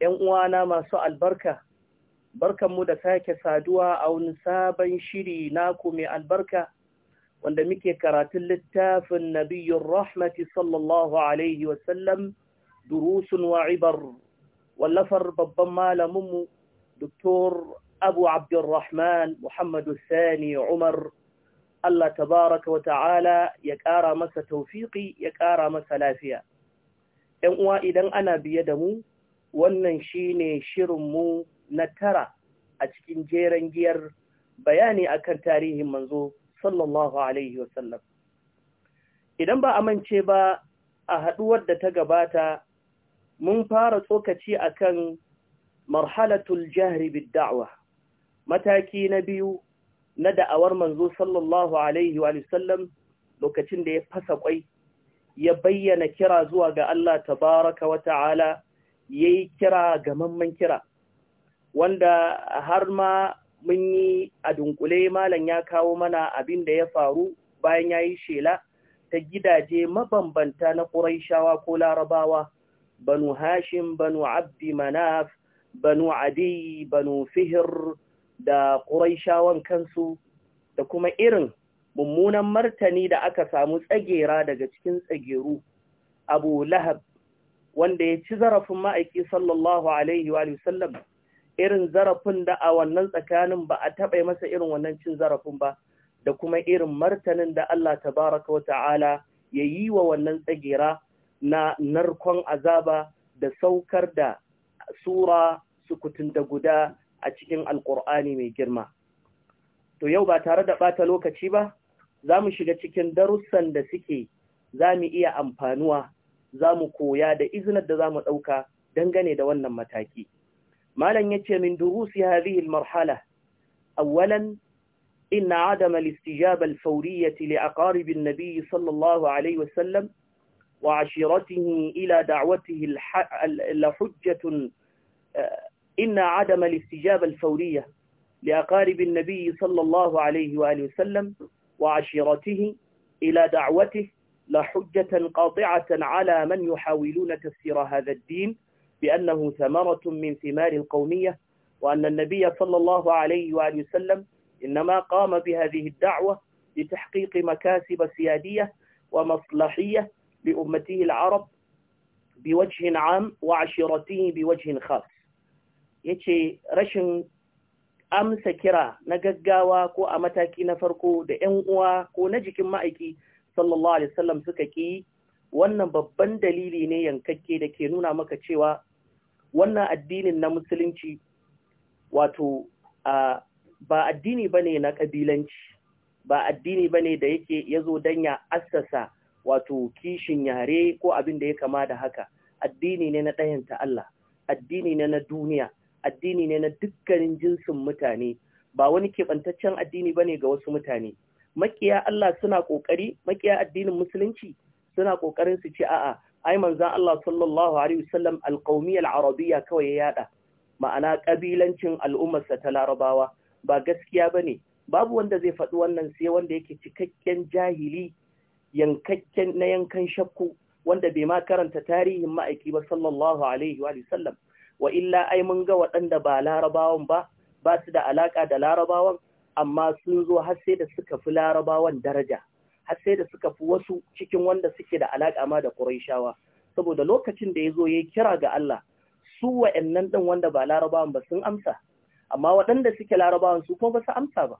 ‘yan uwana masu albarka, barkanmu da sake saduwa a wani sabon shiri naku mai albarka, wanda muke karatun littafin Nabiyyun Rahmati sallallahu Alaihi wasallam, durusun wa'ibar, wallafar babban malaminmu, doktor Abu Abdurrahman Muhammadu Sani Umar, Allah tabaraka wa ta'ala ya ƙara masa taufiƙi, ya ƙara masa lafiya. ‘Yan uwa idan ana biye da mu, wannan shine mu na tara a cikin jeren giyar bayani akan tarihin manzo sallallahu alaihi wasallam idan ba a mance ba a haɗuwar da ta gabata mun fara tsokaci akan marhalatul jahri bid da'wa mataki na biyu na da'awar manzo sallallahu alaihi wa lokacin da ya fasa kwai ya bayyana kira zuwa ga Allah tabaraka wa ta'ala ya yi kira gamamman kira wanda har ma mun yi a dunkule malam ya kawo mana abin da ya faru bayan ya yi shela ta gidaje mabambanta na ƙuraishawa ko larabawa banu hashim banu abdi manaf banu adi banu fihir da ƙuraishawan kansu da kuma irin mummunan martani da aka samu tsagera daga cikin tsageru abu lahab wanda ya ci zarafin ma'aiki sallallahu alaihi wa sallam irin zarafin da a wannan tsakanin ba a taɓa masa irin wannan cin zarafin ba da kuma irin martanin da Allah baraka wa ta'ala ya yi wa wannan tsagera na narkon azaba da saukar da sura sukutun da guda a cikin alƙur'ani mai girma. To yau ba tare da ɓata lokaci ba, za mu shiga cikin darussan da suke za mu iya amfanuwa zamu koya da izinar da zamu dauka dangane da wannan mataki. malan yace min durusi hadhihi almarhala awalan inna adama alistijaba istijaba al-fawriyyati an-nabi sallallahu alayhi wa sallam wa ashiratihi ila da'watihi al-hujjatun inna adama alistijaba istijaba لأقارب النبي صلى الله عليه وآله وسلم وعشيرته إلى دعوته لا حجة قاطعة على من يحاولون تفسير هذا الدين بأنه ثمرة من ثمار القومية وأن النبي صلى الله عليه وآله وسلم إنما قام بهذه الدعوة لتحقيق مكاسب سيادية ومصلحية لأمته العرب بوجه عام وعشيرته بوجه خاص يتي رشن أم سكرا na gaggawa ko a mataki na farko مائكي sallallahu alaihi wasallam suka ki wannan babban dalili ne yankakke da ke nuna maka cewa wannan addinin na musulunci wato ba addini bane na kabilanci ba addini bane da yake zo dan ya assasa wato kishin yare ko abin da ya kama da haka addini ne na ɗayanta Allah addini ne na duniya addini ne na dukkanin jinsin mutane ba wani keɓantaccen addini bane ga wasu mutane makiya Allah suna kokari makiya addinin musulunci suna kokarin su ce a'a ai manzon Allah sallallahu alaihi wasallam alqaumiyya al-arabiyya kawai ya yada ma'ana kabilancin al'ummar sa ta larabawa ba gaskiya bane babu wanda zai faɗi wannan sai wanda yake cikakken jahili yankakken na yankan shakku wanda bai ma karanta tarihin ma'aiki ba sallallahu alaihi wa sallam wa illa ai mun ga waɗanda ba larabawan ba ba su da alaka da larabawan amma sun zo har sai da suka fi larabawan daraja har sai da suka fi wasu cikin wanda suke da alaƙa ma da Qurayshawa saboda lokacin da ya zo ya kira ga Allah su wa'annan din wanda ba larabawan ba sun amsa amma waɗanda suke larabawan su kuma ba su amsa ba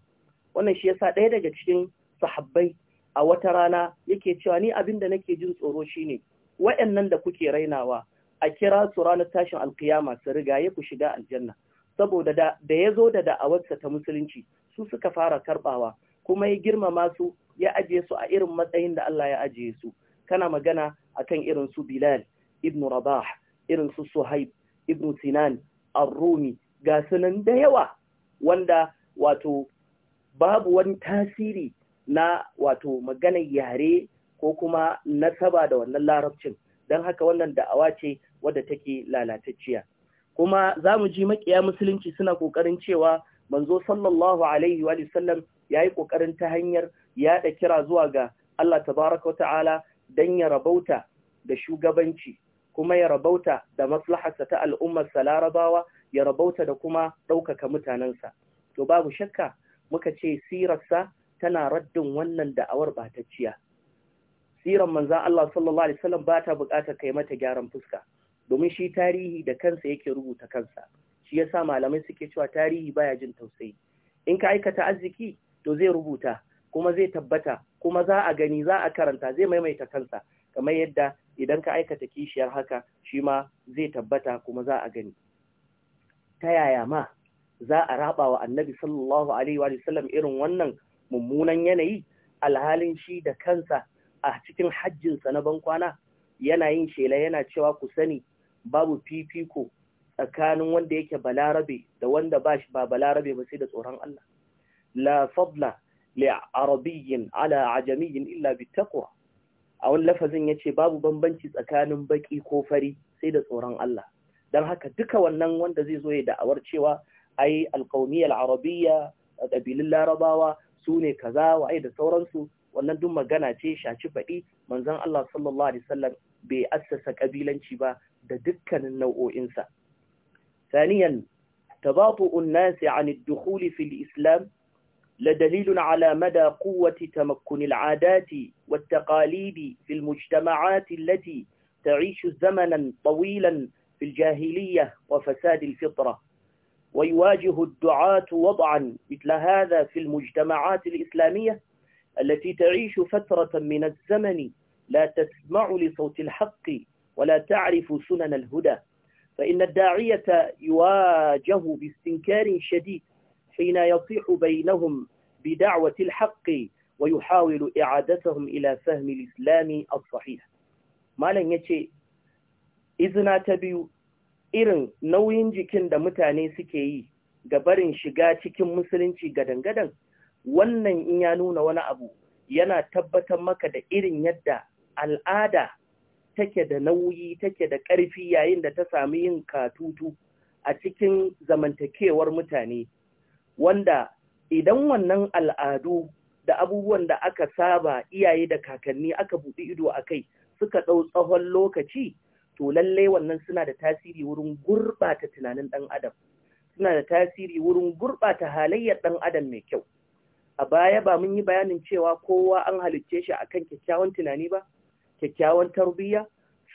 wannan shi yasa ɗaya daga cikin sahabbai a wata rana yake cewa ni abin da nake jin tsoro shine wa'annan da kuke rainawa a kira su ranar tashin alkiyama su rigaye ku shiga aljanna saboda da ya zo da da'awarsa ta musulunci su suka fara karbawa kuma ya girmama su ya ajiye su a irin matsayin da Allah ya ajiye su kana magana akan irin su Bilal ibn Rabah irin su Suhaib ibn Sinan Ar-Rumi ga sunan da yawa wanda wato babu wani tasiri na wato maganar yare ko kuma nasaba da wannan larabcin don haka wannan da'awa ce wadda take lalatacciya kuma za mu ji makiya musulunci suna ƙoƙarin cewa manzo sallallahu alaihi wa sallam yi ƙoƙarin ta hanyar yaɗa kira zuwa ga Allah tabaraka wa ta'ala dan ya rabauta da shugabanci kuma ya rabauta da maslaharsa ta al'ummar larabawa ya rabauta da kuma ɗaukaka mutanensa to babu shakka muka ce sirarsa tana raddin wannan da'awar batacciya siran manza Allah sallallahu alaihi wasallam ba ta buƙatar kai mata gyaran fuska domin shi tarihi da kansa yake rubuta kansa shi yasa malamai suke cewa tarihi baya jin tausayi in ka aikata arziki to zai rubuta kuma zai tabbata kuma za a gani za a karanta zai maimaita kansa kamar yadda idan ka aikata kishiyar haka shi ma zai tabbata kuma za a gani ta yaya ma za a raba wa annabi sallallahu alaihi wa sallam irin wannan mummunan yanayi alhalin shi da kansa a cikin hajjinsa na bankwana yana yin shela yana cewa ku sani babu fifiko tsakanin wanda yake balarabe da wanda ba shi ba balarabe ba sai da tsoron Allah la fadla li arabiyyin ala ajamiyyin illa bi taqwa a wani lafazin yace babu bambanci tsakanin baki ko fari sai da tsoron Allah dan haka duka wannan wanda zai zo ya da'awar cewa ai alqawmiyya a qabilul larabawa sune kaza wa ai da sauransu wannan duk magana ce shaci faɗi manzon Allah sallallahu alaihi wasallam bai assasa kabilanci ba da dukkanin nau'o'insa ثانيا تباطؤ الناس عن الدخول في الإسلام لدليل على مدى قوة تمكن العادات والتقاليد في المجتمعات التي تعيش زمنا طويلا في الجاهلية وفساد الفطرة ويواجه الدعاة وضعا مثل هذا في المجتمعات الإسلامية التي تعيش فترة من الزمن لا تسمع لصوت الحق ولا تعرف سنن الهدى فإن الداعية يواجه باستنكار شديد حين يصيح بينهم بدعوة الحق ويحاول إعادتهم إلى فهم الإسلام الصحيح ما لن يتي إذنا تبيو irin nauyin jikin da mutane suke yi ga barin shiga cikin musulunci gadan-gadan wannan in ya nuna wani abu yana tabbatar maka da irin yadda al'ada take da nauyi take da ƙarfi yayin da ta sami yin katutu a cikin zamantakewar mutane wanda idan wannan al'adu da abubuwan da aka saba iyaye da kakanni aka buɗi ido a kai suka ɗau tsawon lokaci to lallai wannan suna da tasiri wurin gurɓata tunanin ɗan adam suna da tasiri wurin gurɓata halayyar ɗan adam mai kyau a baya ba mun yi bayanin cewa kowa an halicce shi akan kyakkyawan tunani ba kyakkyawan tarbiyya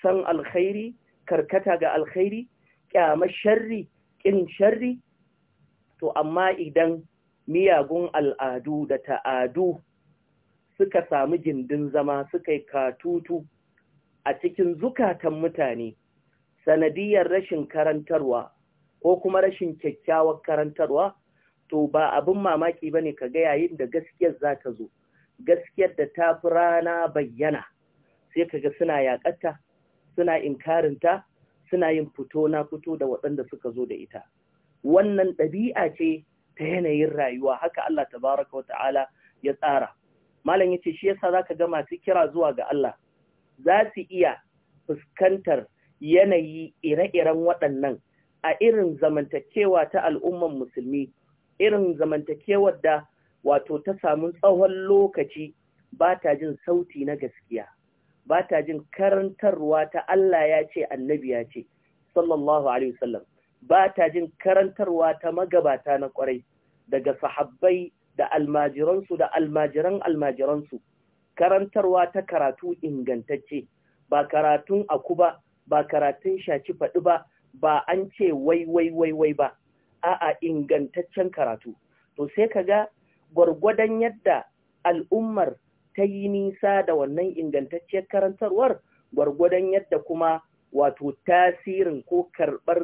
san alkhairi karkata ga alkhairi kyama sharri kin sharri to amma idan miyagun al'adu da ta'adu suka samu jindin zama suka yi katutu a cikin zukatan mutane sanadiyar rashin karantarwa ko kuma rashin kyakkyawar karantarwa to ba abin mamaki ba ne ka ga yayin da gaskiyar za ta zo gaskiyar da ta fi rana bayyana sai kaga suna yaƙatta suna inkarinta suna yin fito na fito da waɗanda suka zo da ita wannan ɗabi'a ce ta yanayin rayuwa haka Allah tabaraka wata'ala ya tsara malam yace shi yasa zaka ga masu kira zuwa ga Allah za su iya fuskantar yanayi ire-iren waɗannan a irin zamantakewa ta al'umman musulmi irin zamantakewar da wato ta samu tsawon lokaci ba ta jin sauti na gaskiya ba ta jin karantarwa ta Allah ya ce annabi ya ce sallallahu alaihi wasallam ba ta jin karantarwa ta magabata na kwarai daga sahabbai da almajiransu da almajiran almajiransu karantarwa ta karatu ingantacce ba karatun aku ba ba karatun shaci faɗi ba ba an ce wai wai wai wai ba a'a ingantaccen karatu to sai ka ga gwargwadon yadda al'ummar ta yi nisa da wannan ingantacciyar karantarwar gwargwadon yadda kuma wato tasirin ko karɓar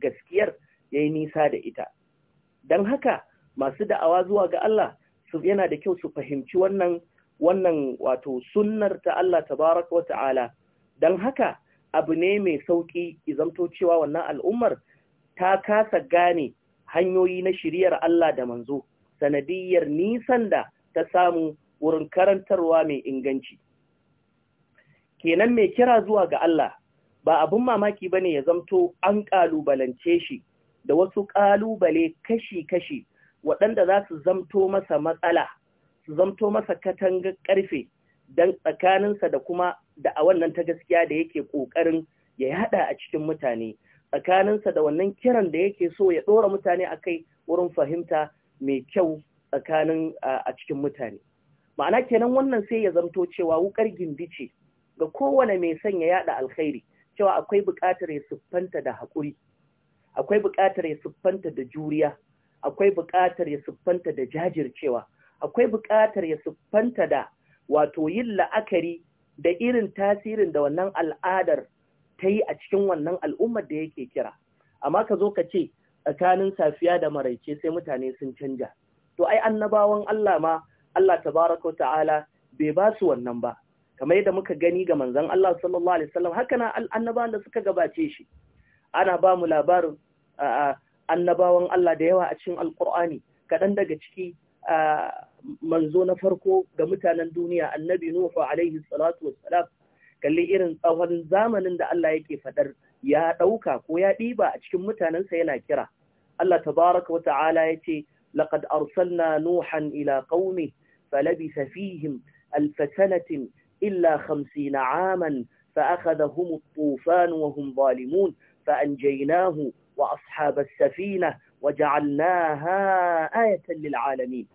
gaskiyar ya yi nisa da ita. Don haka masu da'awa zuwa ga Allah su yana da kyau su fahimci wannan wannan wato sunnar ta Allah tabaraka wa ta'ala. Don haka abu ne mai sauƙi izamto cewa wannan al'ummar ta kasa gane hanyoyi na shiriyar Allah da manzo sanadiyyar nisan da ta samu wurin karantarwa mai inganci. Kenan mai kira zuwa ga Allah ba abin mamaki ba ne ya zamto an ƙalubalance shi da wasu ƙalubale kashi-kashi waɗanda za su zamto masa matsala, su zamto masa katangar ƙarfe don tsakaninsa da kuma da a wannan ta gaskiya da yake ƙoƙarin ya haɗa a cikin mutane, tsakaninsa da wannan kiran da yake so ya ɗora mutane a kai wurin fahimta mai kyau tsakanin a cikin mutane. ma'ana kenan wannan sai ya zamto cewa wukar gindi ce ga kowane mai sanya yada alkhairi cewa akwai bukatar ya siffanta da haƙuri akwai bukatar ya siffanta da juriya akwai bukatar ya siffanta da jajircewa akwai bukatar ya siffanta da wato yin la'akari da irin tasirin da wannan al'adar ta yi a cikin wannan al'ummar da yake kira amma ka zo ka ce tsakanin safiya da maraice sai mutane sun canja to ai annabawan Allah ma Allah tabaraka wa ta'ala bai ba su wannan ba kamar yadda muka gani ga manzon Allah sallallahu alaihi wasallam haka na annabawan da suka gabace shi ana ba mu labarin annabawan Allah da yawa a cikin alqur'ani Kaɗan daga ciki manzo na farko ga mutanen duniya annabi nuhu alaihi salatu wassalam kalli irin tsawon zamanin da Allah yake faɗar ya ɗauka ko ya ɗiba a cikin mutanensa yana kira. Allah tabaraka wa ta'ala ya ce, arsalna Nuhan ila ƙaumi, فلبث فيهم ألف سنة إلا خمسين عاما فأخذهم الطوفان وهم ظالمون فأنجيناه وأصحاب السفينة وجعلناها آية للعالمين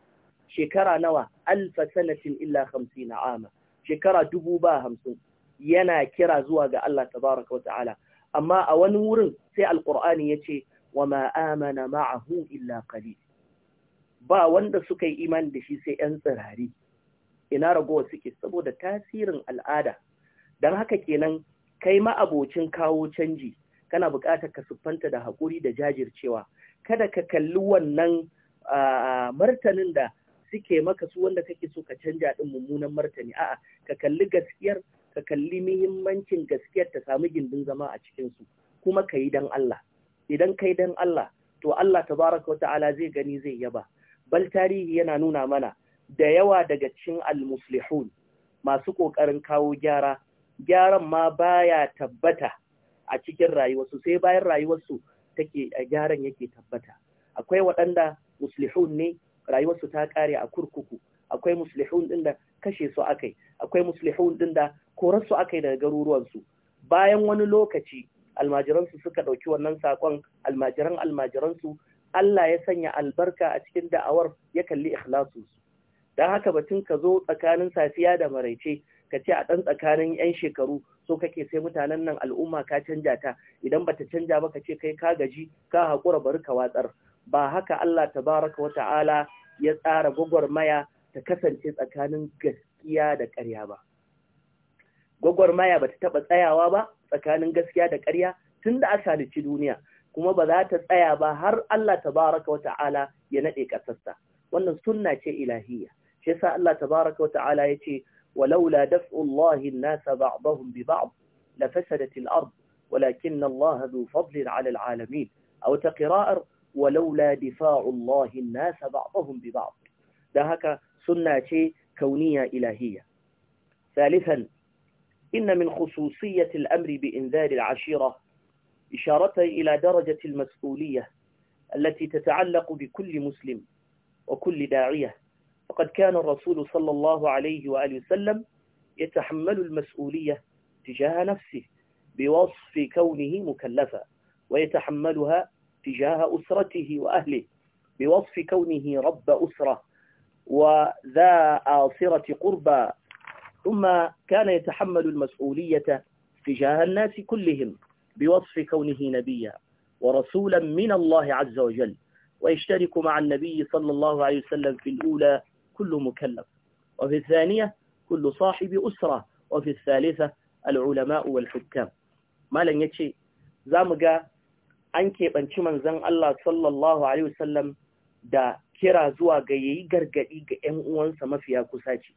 شكرا نوى ألف سنة إلا خمسين عاما شكرا دبوبا همسون ينا كرا زواج الله تبارك وتعالى أما أونور سي القرآن يتي وما آمن معه إلا قليل ba wanda suka yi imani da shi sai 'yan tsirari ina ragowa suke saboda tasirin al'ada don haka kenan kai ma'abocin kawo canji kana buƙatar ka siffanta da haƙuri da jajircewa kada ka kalli wannan martanin da suke maka su wanda kake so ka canja din mummunan martani a'a ka kalli gaskiyar ka kalli muhimmancin gaskiyar ta samu gindin zama a cikin su kuma ka yi dan Allah idan kai dan Allah to Allah tabaraka wa ta'ala zai gani zai yaba bal tarihi yana nuna mana da yawa daga cikin almuslihun masu ƙoƙarin kawo gyara gyaran ma baya tabbata a cikin rayuwarsu sai bayan rayuwarsu take gyaran yake tabbata akwai waɗanda muslihun ne rayuwarsu ta ƙare a kurkuku akwai muslihun ɗin da kashe su akai akwai muslihun ɗin da korarsu akai daga garuruwansu bayan wani lokaci almajiransu suka ɗauki wannan saƙon almajiran almajiransu Allah ya sanya albarka a cikin da'awar ya kalli ikhlasu don haka batun ka zo tsakanin safiya da maraice ka ce a ɗan tsakanin 'yan shekaru so kake sai mutanen nan al'umma ka canja ta idan bata canja ba ka ce kai ka gaji ka haƙura bari ka watsar ba haka Allah tabaraka wa ta'ala ya tsara gwagwarmaya ta kasance tsakanin gaskiya da ƙarya ba gwagwarmaya bata taɓa tsayawa ba tsakanin gaskiya da ƙarya tun da aka halicci duniya kuma ba za ta tsaya ba har Allah tabaraka wa ta'ala ya nade kasarsa wannan sunna ce ilahiyya shi yasa Allah tabaraka wa ta'ala yace walaula daf'u Allahi an-nasa ba'dahum bi ba'd la fasadat al-ard walakin Allah dhu fadlin 'ala al-'alamin aw ta qira'ar walaula difa'u Allahi an-nasa ba'dahum bi ba'd dan haka sunna ce kauniyya ilahiyya ثالثا إن من خصوصية الأمر بإنذار العشيرة إشارة إلى درجة المسؤولية التي تتعلق بكل مسلم وكل داعية فقد كان الرسول صلى الله عليه وآله وسلم يتحمل المسؤولية تجاه نفسه بوصف كونه مكلفا ويتحملها تجاه أسرته وأهله بوصف كونه رب أسرة وذا آصرة قربى ثم كان يتحمل المسؤولية تجاه الناس كلهم بوصف كونه نبيا ورسولا من الله عز وجل ويشترك مع النبي صلى الله عليه وسلم في الأولى كل مكلف وفي الثانية كل صاحب أسرة وفي الثالثة العلماء والحكام ما لن يتشي زامقا أنكي بانشمان زن الله صلى الله عليه وسلم دا كرا زوا ga yayi gargadi ga ƴan uwansa mafiya kusa ce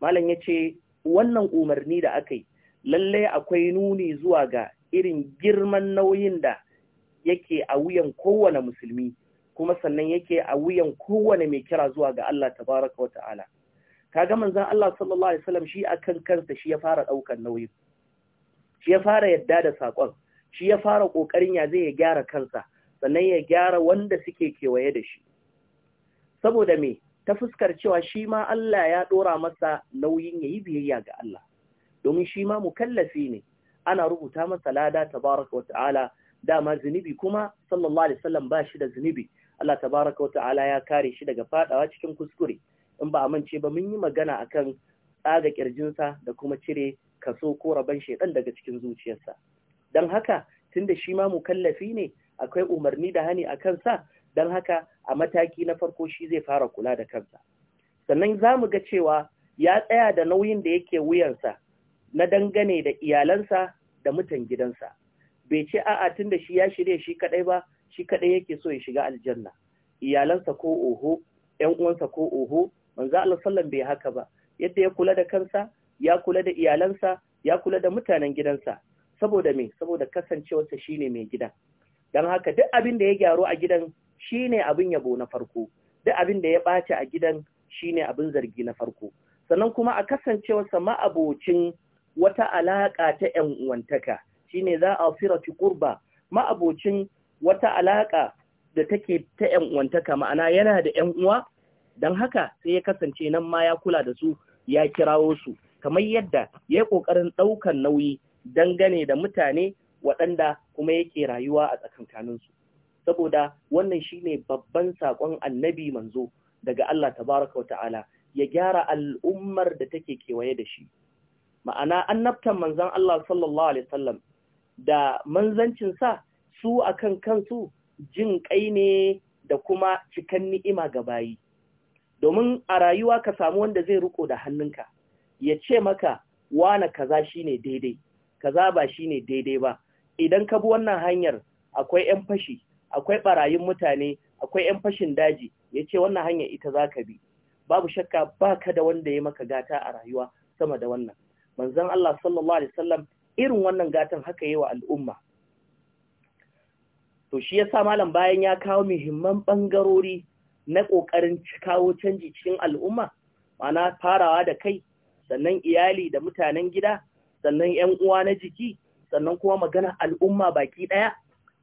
malam yace wannan umarni da aka yi lalle akwai nuni zuwa ga irin girman nauyin da yake a wuyan kowane musulmi kuma sannan yake a wuyan kowane mai kira zuwa ga Allah tabaraka wa ta'ala kaga manzon Allah sallallahu alaihi wasallam shi akan kansa shi ya fara daukan nauyin shi ya fara yadda da sakon shi ya fara kokarin ya zai ya gyara kansa sannan ya gyara wanda suke kewaye da shi saboda me ta fuskar cewa shi ma Allah ya ɗora masa nauyin yayi biyayya ga Allah domin shi ma mukallafi ne ana rubuta masa lada tabaraka wa ta'ala dama zunubi kuma sallallahu alaihi wasallam ba shi da zunubi Allah tabaraka wa ta'ala ya kare shi daga fadawa cikin kuskure in ba amince ba mun yi magana akan tsaga kirjinsa da kuma cire kaso ko raban shedan daga cikin zuciyarsa dan haka tunda shi ma mukallafi ne akwai umarni da hani a kansa dan haka a mataki na farko shi zai fara kula da kansa sannan za mu ga cewa ya tsaya da nauyin da yake wuyansa na dangane da iyalansa da mutan gidansa bai ce a'a tun da shi ya shirya shi kaɗai ba shi kaɗai yake so ya shiga aljanna iyalansa ko oho yan uwansa ko oho manzo Allah sallan bai haka ba yadda ya kula da kansa ya kula da iyalansa ya kula da mutanen gidansa saboda me saboda kasancewarsa shine mai gidan Don haka duk abin da ya gyaru a gidan shine abin yabo na farko duk abin da ya ɓaci a gidan shine abin zargi na farko sannan kuma a kasancewarsa ma'abocin wata alaƙa ta ‘yan uwantaka shine za a firati kurba ma'abocin wata alaƙa da take ta ‘yan uwantaka ma'ana yana da ‘yan uwa don haka sai ya kasance nan ma ya kula da su ya kirawo su kamar yadda ya yi ƙoƙarin ɗaukar nauyi dangane da mutane waɗanda kuma yake rayuwa a tsakankaninsu saboda wannan shine babban saƙon annabi manzo daga Allah tabaraka wa ta'ala ya gyara al'ummar da take kewaye da shi ma'ana annabtan manzon Allah sallallahu alaihi wasallam da manzancin sa su akan kansu jin kai ne da kuma cikan ni'ima ga bayi domin a rayuwa ka samu wanda zai riko da hannunka ya ce maka wana kaza shine daidai kaza ba shine daidai ba idan ka bi wannan hanyar akwai yan fashi akwai ɓarayin mutane akwai yan fashin daji ya ce wannan hanyar ita za ka bi babu shakka ba ka da wanda ya maka gata a rayuwa sama da wannan manzon Allah sallallahu alaihi wasallam irin wannan gatan haka yi wa al'umma to shi yasa malam bayan ya kawo muhimman bangarori na kokarin kawo canji cikin al'umma mana farawa da kai sannan iyali da mutanen gida sannan 'yan uwa na jiki sannan kuma magana al'umma baki ɗaya.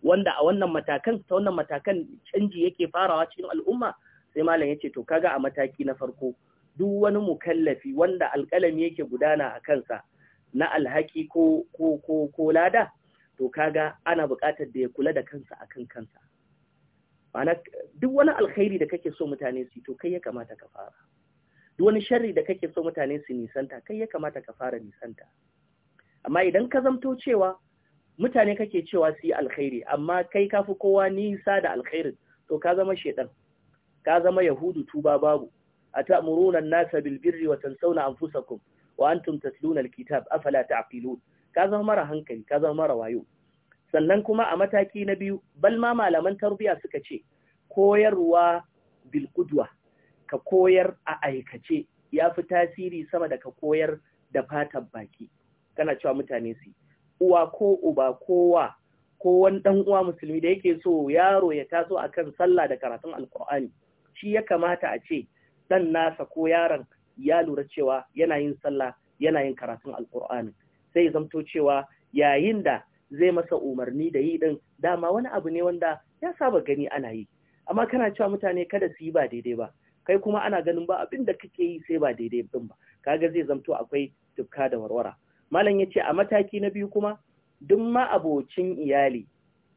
wanda a wannan matakan ta wannan matakan canji yake farawa cikin al'umma sai malam ya ce to kaga a mataki na farko duk wani mukallafi wanda alƙalami yake gudana a kansa na alhaki ko ko ko ko lada to kaga ana buƙatar da ya kula da kansa akan kansa ana duk wani alkhairi da kake so mutane su to kai ya kamata ka fara duk wani sharri da kake so mutane su nisanta kai ya kamata ka fara nisanta amma idan ka zamto cewa mutane kake cewa su yi alkhairi amma kai kafi kowa nisa da alkhairin to ka zama shedan ka zama yahudu tuba babu A أتأمرون الناس بالبر وتنسون أنفسكم وأنتم تتلون الكتاب أفلا تعقلون كذا مرة هنكلي كذا mara wayo. sannan kuma a mataki na biyu Balma malaman tarbiyya suka ce koyarwa bil ka koyar a aikace ya fi tasiri sama da ka koyar da fatan baki kana cewa mutane su uwa ko uba kowa ko wani dan uwa musulmi da yake so yaro ya taso akan sallah da karatun alkur'ani shi ya kamata a ce dan nasa ko yaron ya lura cewa yana yin sallah yana yin karatun alqur'ani sai ya zamto cewa yayin da zai masa umarni da yi din dama wani abu ne wanda ya saba gani ana yi amma kana cewa mutane kada su yi ba daidai ba kai kuma ana ganin ba abin da kake yi sai ba daidai din ba kaga zai zamto akwai tukka da warwara malam ya ce a mataki na biyu kuma duk ma abocin iyali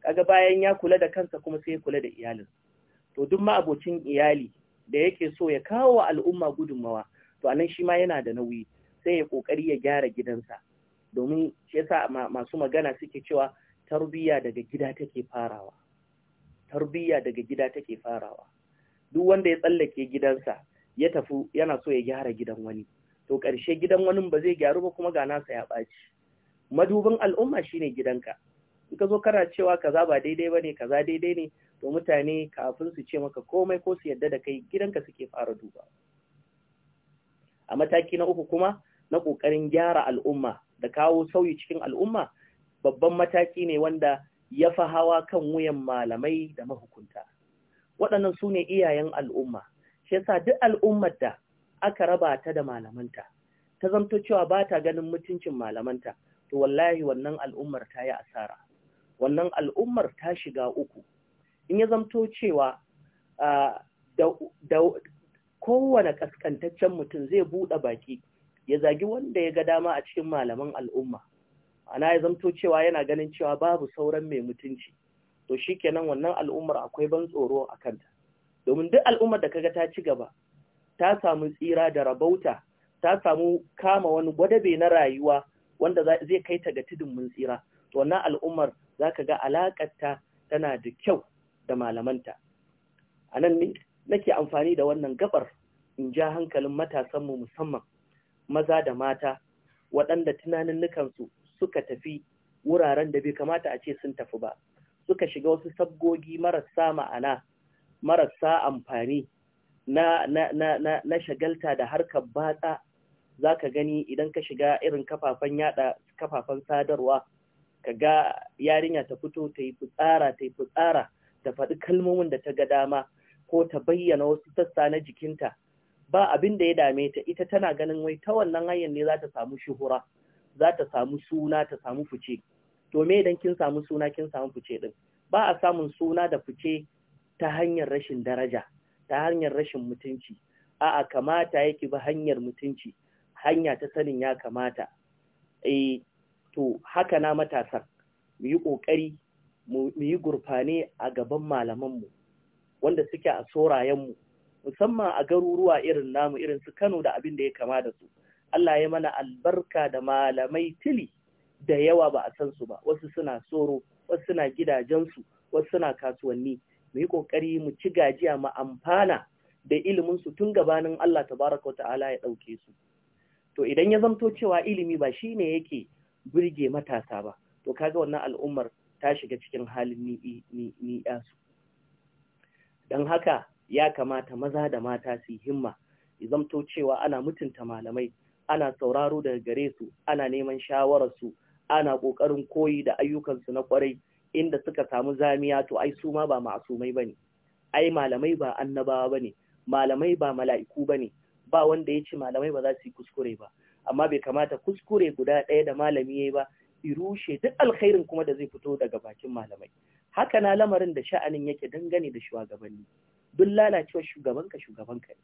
kaga bayan ya kula da kansa kuma sai ya kula da iyalin to duk ma abocin iyali da yake so ya kawo wa al'umma gudunmawa to anan shi ma yana da nauyi sai ya kokari ya gyara gidansa domin shi yasa masu magana suke cewa tarbiyya daga gida take farawa tarbiyya daga gida take farawa duk wanda ya tsallake gidansa ya tafi yana so ya gyara gidan wani to ƙarshe gidan wani ba zai gyaru ba kuma ga nasa ya ɓaci madubin al'umma shine gidanka in ka zo kana cewa kaza ba daidai ba ne kaza daidai ne to mutane kafin su ce maka komai ko su yadda da kai gidanka suke fara duba a mataki na uku kuma na ƙoƙarin gyara al'umma da kawo sauyi cikin al'umma babban mataki ne wanda ya fi hawa kan wuyan malamai da mahukunta waɗannan su ne iyayen al'umma shi yasa duk al'ummar da aka raba ta da malamanta ta zamto cewa ba ta ganin mutuncin malamanta to wallahi wannan al'ummar ta yi asara wannan al'ummar ta shiga uku in ya zamto cewa da kowane kaskantaccen mutum zai buɗe baki ya zagi wanda ya ga dama a cikin malaman al'umma ana ya zamto cewa yana ganin cewa babu sauran mai mutunci to shi shikenan wannan al'ummar akwai ban tsoro a kanta domin duk al'ummar da kaga ta ci gaba ta samu tsira da rabauta ta samu kama wani gwadabe na rayuwa wanda zai kai ta ga tudun mun tsira to wannan al'ummar za ka ga alaƙarta tana da kyau da malamanta a nan ne nake amfani da wannan gabar in ja hankalin matasanmu musamman maza da mata waɗanda tunanin nukansu suka tafi wuraren da bai kamata a ce sun tafi ba suka shiga wasu sabgogi marasa ma'ana marasa amfani na, na shagalta da harkar batsa za ka gani idan ka shiga irin kafafen yada kafafen sadarwa ka ga yarinya ta fito ta yi fitsara ta yi fitsara ta faɗi kalmomin da ta ga dama ko ta bayyana wasu sassa na jikinta ba abin da ya dame ta ita tana ganin wai ta wannan hanyar ne za ta samu shuhura za ta samu suna ta samu fice to me idan kin samu suna kin samu fice din ba a samun suna da fice ta hanyar rashin daraja ta hanyar rashin mutunci a'a kamata yake ba hanyar mutunci hanya ta sanin ya kamata eh to haka na matasan mu yi ƙoƙari mu yi gurfane a gaban malamanmu wanda suke a sorayenmu musamman a garuruwa irin namu irin su Kano da abin da ya kama da su Allah ya mana albarka da malamai tili da yawa ba a san su ba wasu suna soro wasu suna gidajensu wasu suna kasuwanni mu yi kokari mu ci gajiya mu amfana da ilimin su tun gabanin Allah tabaraka wa ta'ala ya ɗauke su to idan ya zamto cewa ilimi ba shine yake burge matasa ba to kaga wannan al'ummar ta shiga cikin halin ni su don haka ya kamata maza da mata su himma zamto cewa ana mutunta malamai ana sauraro daga gare su ana neman su ana ƙoƙarin koyi da ayyukansu na ƙwarai inda suka samu zamiya to ai su ma ba ma'asumai bane ai malamai ba annabawa bane malamai ba mala'iku bane ba wanda ya ce malamai ba za su yi kuskure ba amma bai kamata kuskure guda ɗaya da malami ya yi ba rushe duk alkhairin kuma da zai fito daga bakin malamai haka na lamarin da sha'anin yake dangane da shugabanni duk lalacewar shugabanka shugabanka ne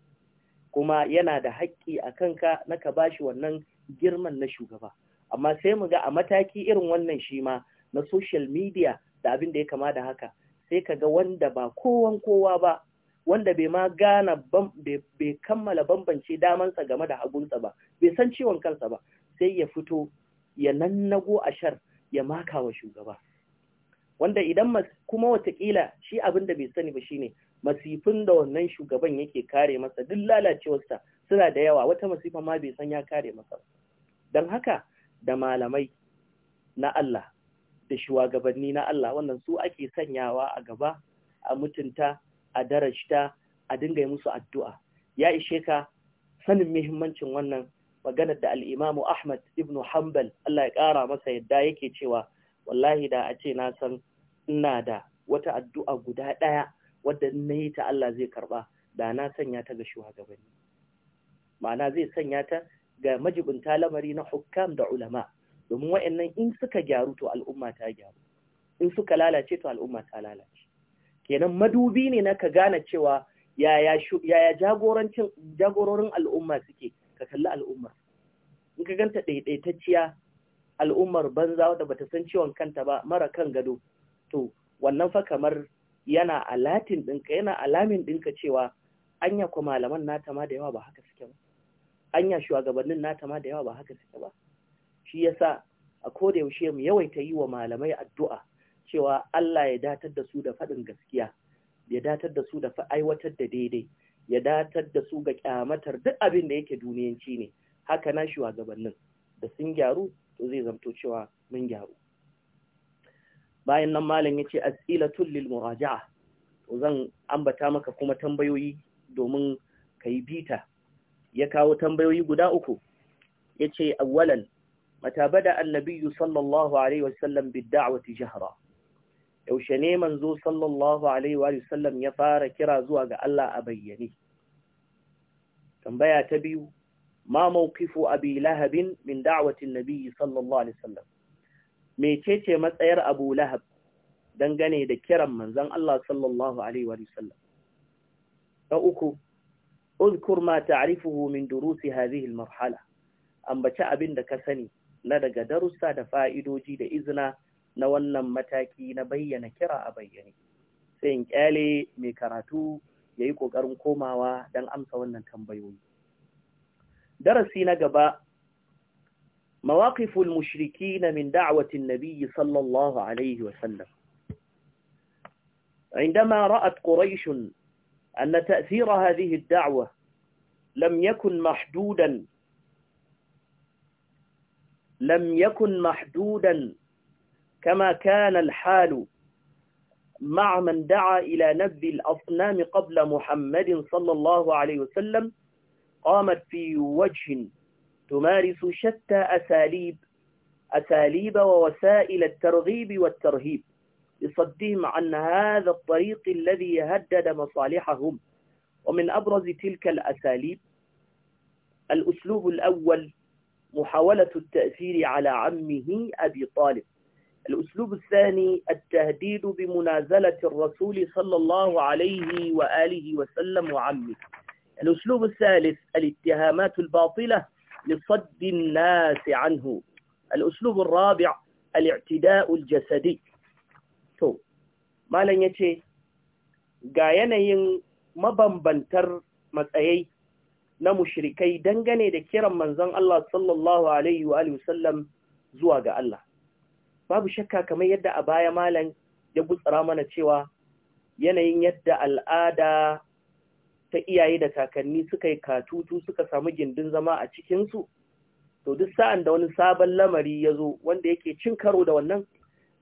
kuma yana da haƙƙi a kanka na ka bashi wannan girman na shugaba amma sai mu ga a mataki irin wannan shi ma na social media da abin da ya kama da haka sai ka ga wanda ba kowan kowa ba wanda bai ma gana bai kammala bambance damansa game da hagunsa ba bai san ciwon kansa ba sai ya fito ya nannago a shar ya maka wa shugaba wanda idan kuma watakila shi abin da bai sani ba shine masifin da wannan shugaban yake kare masa duk lalacewarsa suna da yawa wata masifa ma bai san ya kare masa don haka da malamai na Allah da shugabanni na Allah wannan su ake sanyawa a gaba a mutunta a darajta a dinga yi musu addu'a ya ishe ka sanin muhimmancin wannan maganar da al'imamu Ahmad ibn Hanbal Allah ya ƙara masa yadda yake cewa wallahi da a ce na san ina da wata addu'a guda ɗaya wadda na yi ta Allah zai karɓa da na sanya ta ga shugabanni ma'ana zai sanya ta ga majibinta lamari na hukam da ulama domin wa'annan in suka gyaru to al'umma ta gyaru in suka lalace to al'umma ta lalace kenan madubi ne na ka gane cewa yaya jagorancin jagororin al'umma suke ka kalli al'ummar in ka ganta ɗaiɗaitacciya al'ummar banza wadda bata san ciwon kanta ba mara kan gado to wannan fa kamar yana alatin ɗinka yana alamin ɗinka cewa anya kwa malaman nata ma da yawa ba haka suke ba anya shugabannin nata ma da yawa ba haka suke ba shi yasa a koda yaushe mu yawaita yi wa malamai addu'a cewa Allah ya datar da su da faɗin gaskiya ya datar da su da aiwatar da daidai ya datar da su ga kyamatar duk abin da yake duniyanci ne haka na shi gabanin, da sun gyaru to zai zamto cewa mun gyaru bayan nan malam yace asilatul lil muraja'a to zan ambata maka kuma tambayoyi domin ka yi bita ya kawo tambayoyi guda uku ya yace awwalan mata bada Annabiyu sallallahu alaihi wasallam bid da'wati jahra yaushe ne manzo sallallahu alaihi wa sallam ya fara kira zuwa ga Allah a bayyane tambaya ta biyu ma mawqifu abi lahabin min da'wati an-nabi sallallahu alaihi wasallam mecece matsayar abu lahab dangane da kiran manzon Allah sallallahu alaihi wa sallam ta uku uzkur ma ta'rifuhu min durusi hadhihi al-marhala ambaci abin da ka sani na daga darussa da fa'idodi da izina na wannan mataki na bayyana kira a bayyane sai in kyale mai karatu ya yi ƙoƙarin komawa don amsa wannan tambayoyi darasi na gaba mawaƙiful mushriki na min da'awatin nabiyyi sallallahu alaihi wasallam عندما رأت قريش أن تأثير هذه الدعوة لم يكن محدودا لم يكن محدودا كما كان الحال مع من دعا إلى نبذ الأصنام قبل محمد صلى الله عليه وسلم قامت في وجه تمارس شتى أساليب أساليب ووسائل الترغيب والترهيب لصدهم عن هذا الطريق الذي هدد مصالحهم ومن أبرز تلك الأساليب الأسلوب الأول محاولة التأثير على عمه أبي طالب الأسلوب الثاني التهديد بمنازلة الرسول صلى الله عليه وآله وسلم وعمه الأسلوب الثالث الاتهامات الباطلة لصد الناس عنه الأسلوب الرابع الاعتداء الجسدي تو ما لن يتي yanayin ين matsayai na mushrikai dangane da kiran manzon Allah sallallahu alaihi wa alihi wasallam zuwa ga Allah babu shakka kamar yadda a baya malam ya gutsara mana cewa yanayin yadda al'ada ta iyaye da kakanni suka yi katutu suka samu gindin zama a cikinsu to duk sa'an da wani sabon lamari ya zo wanda yake cin karo da wannan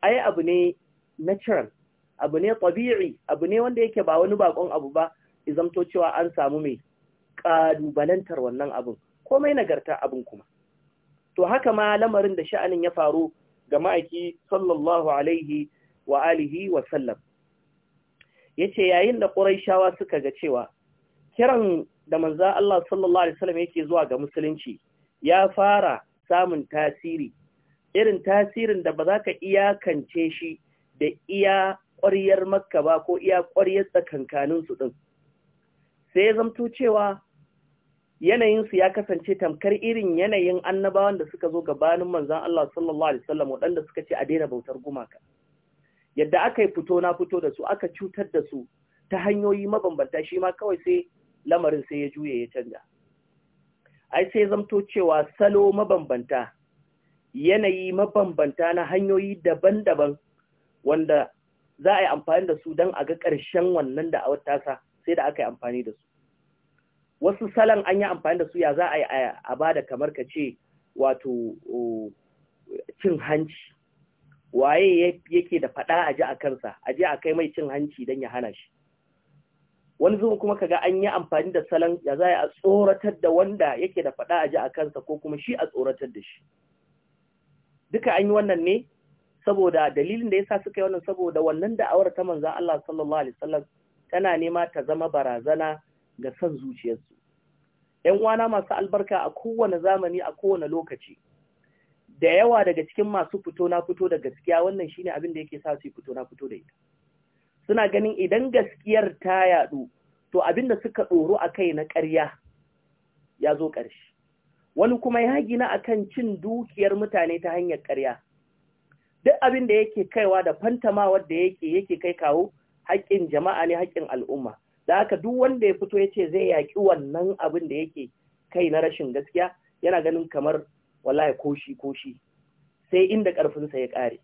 ai abu ne natural abu ne tabi'i abu ne wanda yake ba wani bakon abu ba izamto cewa an samu mai ƙalubalantar wannan abin komai nagarta abin kuma to haka ma lamarin da sha'anin ya faru ga ma'aiki sallallahu alaihi wa alihi wa sallam yace yayin da quraishawa suka ga cewa kiran da manzo Allah sallallahu alaihi wasallam yake zuwa ga musulunci ya fara samun tasiri irin tasirin da ba za ka iyakance shi da iya ƙwaryar makka ba ko iya ƙwaryar tsakankanin su din sai zamto cewa yanayinsu ya kasance tamkar irin yanayin annabawan da suka zo gabanin manzan Allah sallallahu Alaihi wasallam waɗanda suka ce a daina bautar gumaka. Yadda aka yi fito na fito da su aka cutar da su ta hanyoyi mabambanta shi ma kawai sai lamarin sai ya juye ya canja. Ai sai zamto cewa salo mabambanta, yanayi mabambanta na hanyoyi daban-daban wanda za a yi amfani da su don a ga ƙarshen wannan da'awar tasa sai da aka yi amfani da su. wasu salan an yi amfani da su ya za a yi a ba da kamar ka ce wato cin hanci waye yake da faɗa a ji a kansa a ji a kai mai cin hanci don ya hana shi wani zuwa kuma kaga an yi amfani da salon ya za a tsoratar da wanda yake da faɗa a ji a kansa ko kuma shi a tsoratar da shi duka an yi wannan ne saboda dalilin da ya sa suka yi wannan saboda wannan da'awar ta manzan Allah sallallahu alaihi wasallam tana nema ta zama barazana ga san zuciyarsu ‘yan uwana masu albarka a kowane zamani a kowane lokaci da yawa daga cikin masu fito na fito da gaskiya wannan shine abin da yake sa su fito na fito da ita suna ganin idan gaskiyar ta yaɗu to abin da suka tsoro a kai na ƙarya ya zo ƙarshe wani kuma ya gina a kan cin dukiyar mutane ta hanyar ƙarya duk abin da yake kaiwa da fantama wadda yake yake kai kawo haƙƙin jama'a ne haƙƙin al'umma da haka duk wanda ya fito ya ce zai yaƙi wannan abin da yake kai na rashin gaskiya yana ganin kamar wallahi koshi koshi sai inda ƙarfinsa ya ƙare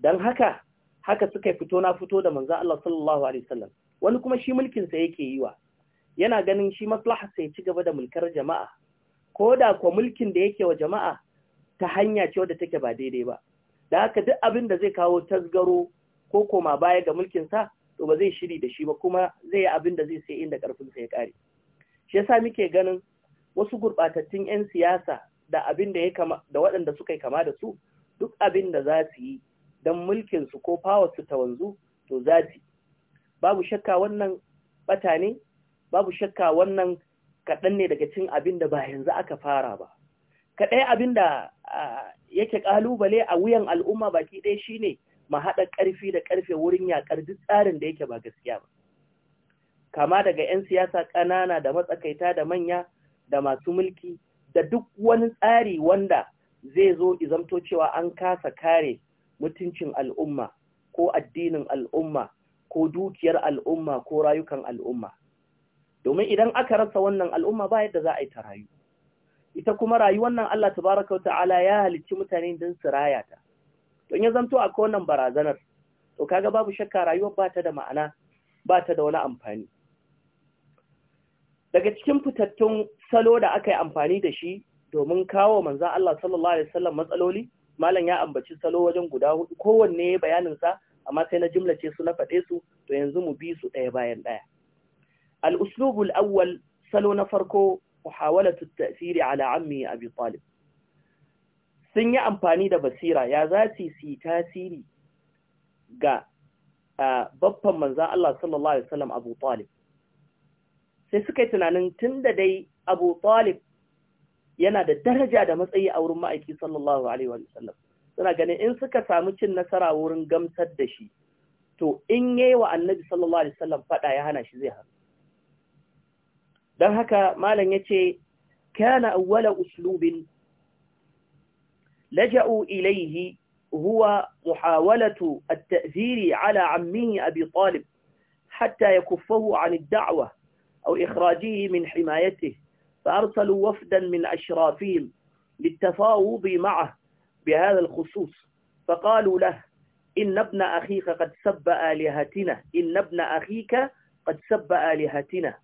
don haka haka suka fito na fito da manzan Allah sallallahu alaihi wasallam wani kuma shi mulkinsa yake yiwa, yana ganin shi maslaha sai ci gaba da mulkar jama'a ko da kwa mulkin da yake wa jama'a ta hanya ce wadda take ba daidai ba da haka duk abin da zai kawo tasgaro ko koma baya ga mulkinsa to ba zai shiri da shi ba kuma zai yi abin da zai sai inda ƙarfinsa ya kare shi yasa muke ganin wasu gurɓatattun 'yan siyasa da abin da ya kama da waɗanda suka yi kama da su duk abin da za su yi don mulkin su ko power su ta wanzu to za su babu shakka wannan bata ne babu shakka wannan kaɗan ne daga cin abin da ba yanzu aka fara ba kaɗai abin da yake ƙalubale a wuyan al'umma baki ɗaya shine mu haɗa ƙarfi da ƙarfe wurin yaƙar duk tsarin da yake ba gaskiya ba kama daga 'yan siyasa ƙanana da matsakaita da manya da masu mulki da duk wani tsari wanda zai zo izamto cewa an kasa kare mutuncin al'umma ko addinin al'umma ko dukiyar al'umma ko rayukan al'umma domin idan aka rasa wannan al'umma ba yadda za a yi ta rayu ita kuma rayuwar nan Allah tabaraka ta'ala ya halicci mutane don su raya ta don ya zanto a wannan barazanar to kaga babu shakka rayuwar ba ta da ma'ana ba ta da wani amfani daga cikin fitattun salo da aka yi amfani da shi domin kawo manzan Allah sallallahu alaihi wasallam matsaloli malam ya ambaci salo wajen guda hudu kowanne bayanin sa amma sai na jimlace su na faɗe su to yanzu mu bi su ɗaya bayan ɗaya al-uslubul awwal salo na farko muhawalatu at-ta'siri ala ammi abi talib sun yi amfani da basira ya za su yi tasiri ga babban manzan Allah sallallahu Alaihi wasallam Abu Talib. Sai suka yi tunanin tun da dai Abu Talib yana da daraja da matsayi a wurin ma'aiki sallallahu Alaihi wasallam. Suna ganin in suka samu cin nasara wurin gamsar da shi, to in yi wa annabi sallallahu Alaihi wasallam faɗa ya hana shi zai hannu. Don haka Malam ya ce, Kana awwala uslubin لجأوا إليه هو محاولة التأثير على عمه أبي طالب حتى يكفه عن الدعوة أو إخراجه من حمايته فأرسلوا وفدا من أشرافهم للتفاوض معه بهذا الخصوص فقالوا له إن ابن أخيك قد سب آلهتنا إن ابن أخيك قد سب آلهتنا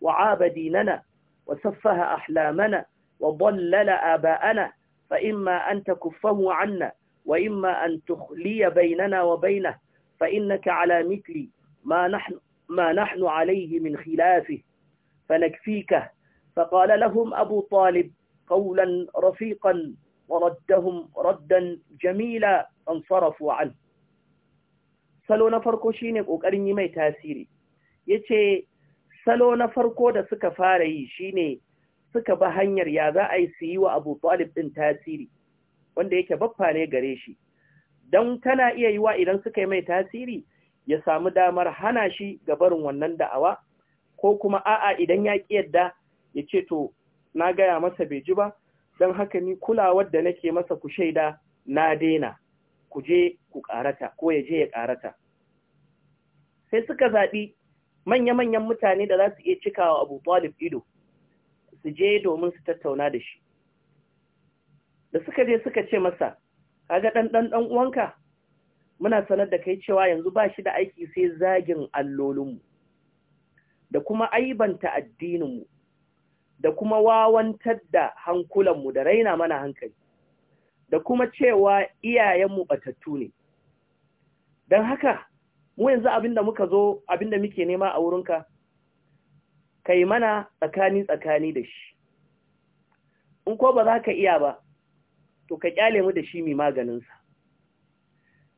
وعاب ديننا وسفه أحلامنا وضلل آباءنا فإما أن تكفه عنا وإما أن تخلي بيننا وبينه فإنك على مثل ما نحن, ما نحن عليه من خلافه فنكفيك فقال لهم أبو طالب قولا رفيقا وردهم ردا جميلا انصرفوا عنه salo na farko shine kokarin yi mai tasiri yace salo na farko da suka fara yi shine suka ba hanyar ya za a yi su yi wa Abu Talib ɗin tasiri, wanda yake baffa ne gare shi, don tana iya yi wa idan suka yi mai tasiri ya samu damar hana shi ga barin wannan da'awa, ko kuma a'a idan ya ƙi yadda ya ce to, na gaya masa bai ji ba, don haka ni kulawar da nake masa ku shaida na daina, ku je ku ƙarata, ko ya je ya ƙarata. Sai suka zaɓi manya-manyan mutane da za su iya cikawa Abu Talib ido. su je domin su tattauna da shi da suka je suka ce masa kaga dan ɗan dan uwanka muna sanar da kai cewa yanzu ba shi da aiki sai zagin allolinmu da kuma aibanta addininmu da kuma wawantar da hankulanmu da raina mana hankali da kuma cewa iyayenmu batattu ne don haka mu yanzu abinda muka zo abinda muke nema a wurinka kai mana tsakani-tsakani da shi in ko ba za ka iya ba to ka kyale mu da shi mai maganinsa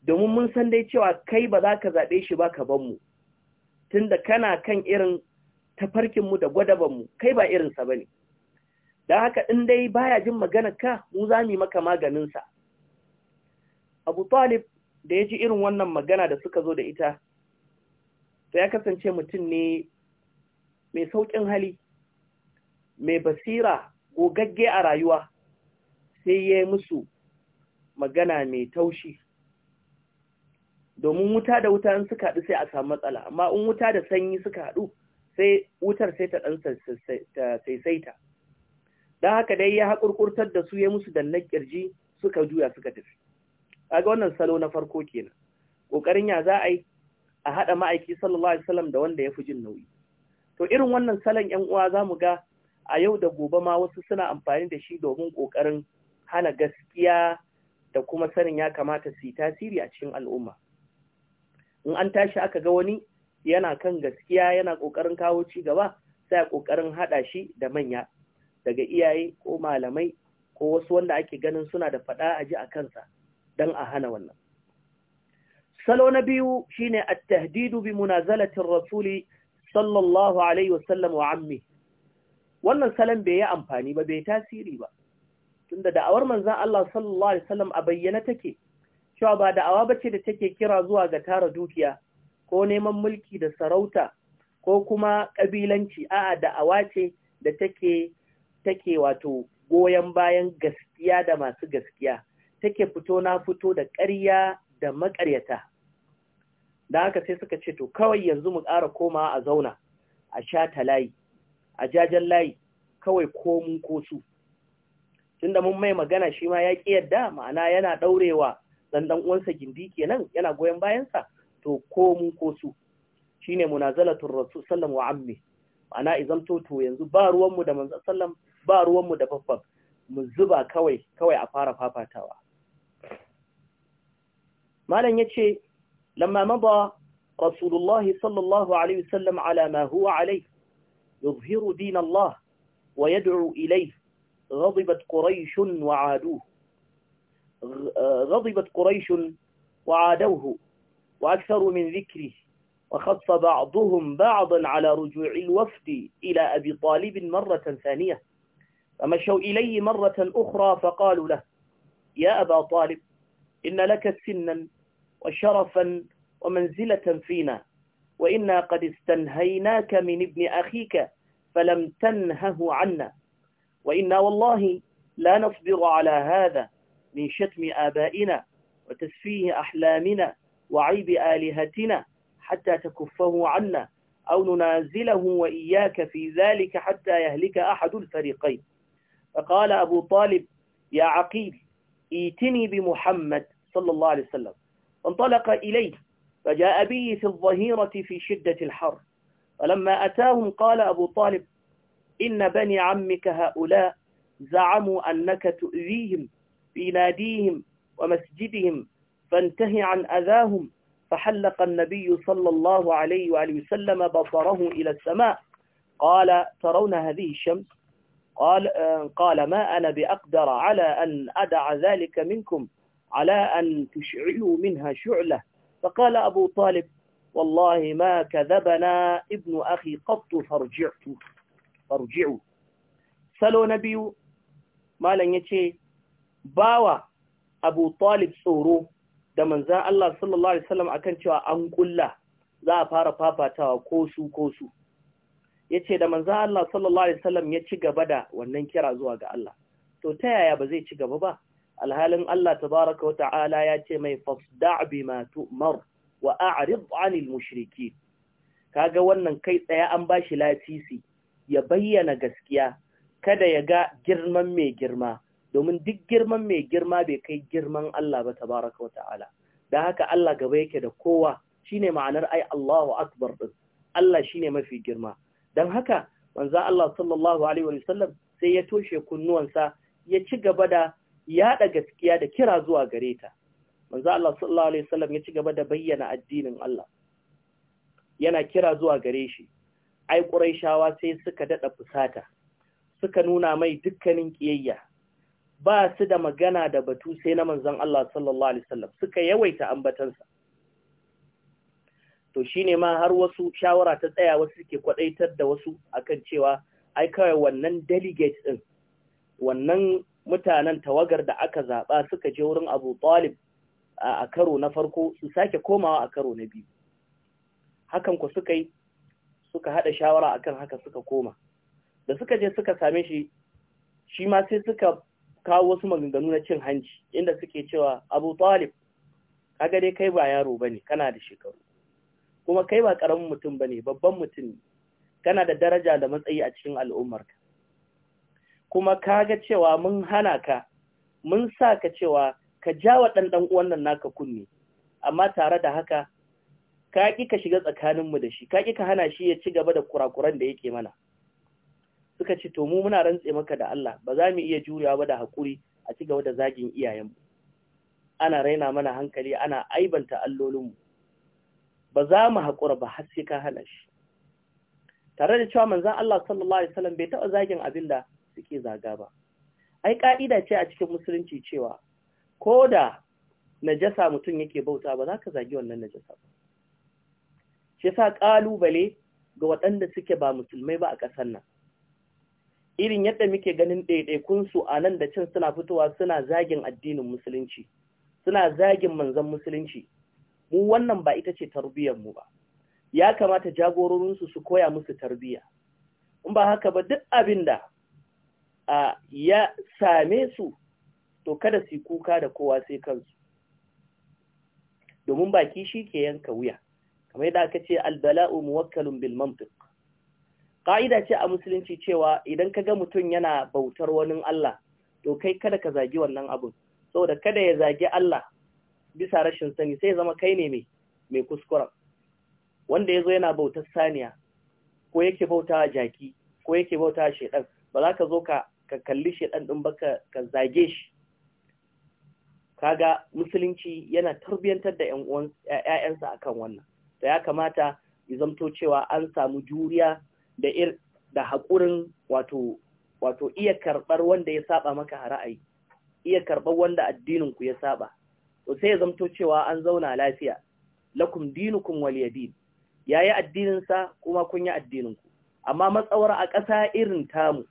domin mun san dai cewa kai ba za ka zaɓe shi ba ka banmu tun da kana kan irin mu da mu, kai ba irinsa ba ne don haka in dai baya jin maganar ka mu za mu maka maganinsa abu talib da ya ji irin wannan magana da suka zo da ita to ya kasance mutum ne mai sauƙin hali mai basira gogagge a rayuwa sai ya yi musu magana mai taushi domin wuta da wuta in suka haɗu sai a samu matsala amma in wuta da sanyi suka haɗu sai wutar sai ta ɗan saisaita don haka dai ya haƙurƙurtar da su ya musu dannan ƙirji suka juya suka tafi kaga wannan salo na farko kenan ƙoƙarin ya za a yi a haɗa ma'aiki sallallahu alaihi wasallam da wanda ya fi jin nauyi to irin wannan salon yan uwa za mu ga a yau da gobe ma wasu suna amfani da shi domin ƙoƙarin hana gaskiya da kuma sanin ya kamata su yi tasiri a cikin al'umma in an tashi aka ga wani yana kan gaskiya yana ƙoƙarin kawo ci gaba sai a ƙoƙarin haɗa shi da manya daga iyaye ko malamai ko wasu wanda ake ganin suna da faɗa a ji a kansa don a hana wannan salo na biyu shine at-tahdidu bi munazalatin rasuli sallallahu alaihi wasallam wa ammi wannan salon bai yi amfani ba bai tasiri ba tunda da'awar manzan Allah sallallahu alaihi wasallam a bayyana take cewa ba da'awa bace da take kira zuwa ga tara dukiya ko neman mulki da sarauta ko kuma kabilanci a'a da'awa ce da take take wato goyon bayan gaskiya da masu gaskiya take fito na fito da ƙarya da maƙaryata da haka sai suka ce to kawai yanzu mu ƙara koma a zauna a shata layi a jajen layi kawai komun ko su tunda mun mai magana shi ma ya ƙi yadda ma'ana yana ɗaurewa ɗanɗan uwansa gindi kenan yana goyon bayansa to komun ko su muna zala rasul sallam wa ammi ma'ana izan to yanzu ba ruwanmu da manzo sallam ba ruwanmu da faffan mu zuba kawai kawai a fara fafatawa malam ya ce. لما مضى رسول الله صلى الله عليه وسلم على ما هو عليه يظهر دين الله ويدعو إليه غضبت قريش وعادوه غضبت قريش وعادوه وأكثروا من ذكره وخص بعضهم بعضا على رجوع الوفد إلى أبي طالب مرة ثانية فمشوا إليه مرة أخرى فقالوا له يا أبا طالب إن لك سنا وشرفا ومنزلة فينا وإنا قد استنهيناك من ابن أخيك فلم تنهه عنا وإنا والله لا نصبر على هذا من شتم آبائنا وتسفيه أحلامنا وعيب آلهتنا حتى تكفه عنا أو ننازله وإياك في ذلك حتى يهلك أحد الفريقين فقال أبو طالب يا عقيل ايتني بمحمد صلى الله عليه وسلم فانطلق إليه فجاء به في الظهيرة في شدة الحر فلما أتاهم قال أبو طالب إن بني عمك هؤلاء زعموا أنك تؤذيهم في ناديهم ومسجدهم فانتهي عن أذاهم فحلق النبي صلى الله عليه وآله وسلم بصره إلى السماء قال ترون هذه الشمس قال, آه، قال ما أنا بأقدر على أن أدع ذلك منكم على أن تشعلوا منها شعلة فقال أبو طالب والله ما كذبنا ابن أخي قط فارجعت فارجعوا سلو نبيو malam ya ce ba abu talib tsoro da manzan Allah sallallahu Alaihi wasallam akan cewa an kulla za a fara fafatawa ko su ya ce da manzan Allah sallallahu ya ci gaba da wannan kira zuwa ga Allah to ta yaya ba zai ci gaba ba alhalin Allah tabaraka wa ta'ala ya ce mai fasda' bima tu'mar wa a'rid 'anil mushriki kaga wannan kai tsaye an ba shi lafisi ya bayyana gaskiya kada ya ga girman mai girma domin duk girman mai girma bai kai girman Allah ba tabaraka wa ta'ala da haka Allah gaba yake da kowa shine ma'anar ai Allahu akbar din Allah shine mafi girma dan haka manzo Allah sallallahu alaihi wa sallam sai ya toshe kunnuwansa ya ci gaba da yada gaskiya da kira zuwa gare ta manzo Allah sallallahu alaihi wasallam ya ci gaba da bayyana addinin Allah yana kira zuwa gare shi ai quraishawa sai suka dada fusata suka nuna mai dukkanin kiyayya ba su da magana da batu sai na manzon Allah sallallahu alaihi wasallam suka yawaita ambatansa to shine ma har wasu shawara ta tsaya wasu suke kwadaitar da wasu akan cewa ai kawai wannan delegate din wannan mutanen tawagar da aka zaɓa suka je wurin abu talib a karo na farko su sake komawa a karo na biyu hakan ku suka yi suka haɗa shawara akan haka suka koma da suka je suka same shi shi ma sai suka kawo wasu maganganu na cin hanci inda suke cewa abu talib kaga dai kai ba yaro bane kana da shekaru kuma kai ba karamin mutum bane babban mutum ne." kana da daraja da matsayi a cikin al'ummarka kuma ka ga cewa mun hana ka mun sa ka cewa ka wa ɗan ɗan uwan naka kunne amma tare da haka ka ƙi ka shiga tsakaninmu da shi ka ƙi ka hana shi ya ci gaba da kurakuran da yake mana suka ce to mu muna rantse maka da Allah ba za mu iya jurewa ba da haƙuri a ci gaba da zagin iyayenmu ana raina mana hankali ana aibanta allolinmu ba za mu haƙura ba har sai ka hana shi tare da cewa manzon Allah sallallahu alaihi wasallam bai taɓa zagin abinda. suke zaga ba ai ka'ida ce a cikin musulunci cewa ko da najasa mutum yake bauta ba za ka zagi wannan najasa ba shi sa ƙalubale ga waɗanda suke ba musulmai ba a ƙasar nan irin yadda muke ganin ɗaiɗaikunsu a nan da can suna fitowa suna zagin addinin musulunci suna zagin manzan musulunci mu wannan ba ita ce tarbiyyar mu ba ya kamata jagororinsu su koya musu tarbiyya in ba haka ba duk abinda. A ya same su to kada su kuka da kowa sai kansu domin baki shi ke yanka wuya kamar yadda aka ce albala'u muwakkalun bil mantiq ka'ida ce a musulunci cewa idan kaga ga mutum yana bautar wani Allah to kai kada ka zagi wannan abun saboda kada ya zagi Allah bisa rashin sani sai zama kai ne mai mai kuskuren wanda yazo yana bautar saniya ko yake bauta jaki ko yake bauta shedan ba za ka zo ka ka kalli ɗan ɗin ba ka zage shi kaga musulunci yana tarbiyantar da ‘ya'yansa a kan wannan da ya kamata ya zamto cewa an samu juriya da ir da haƙurin wato wato iya karɓar wanda ya saba maka ra'ayi iya karɓar wanda addininku ya saba to sai ya zamto cewa an zauna lafiya lakum dinukum waliyadin yayi addininsa kuma kun yi ku amma matsawar a ƙasa irin tamu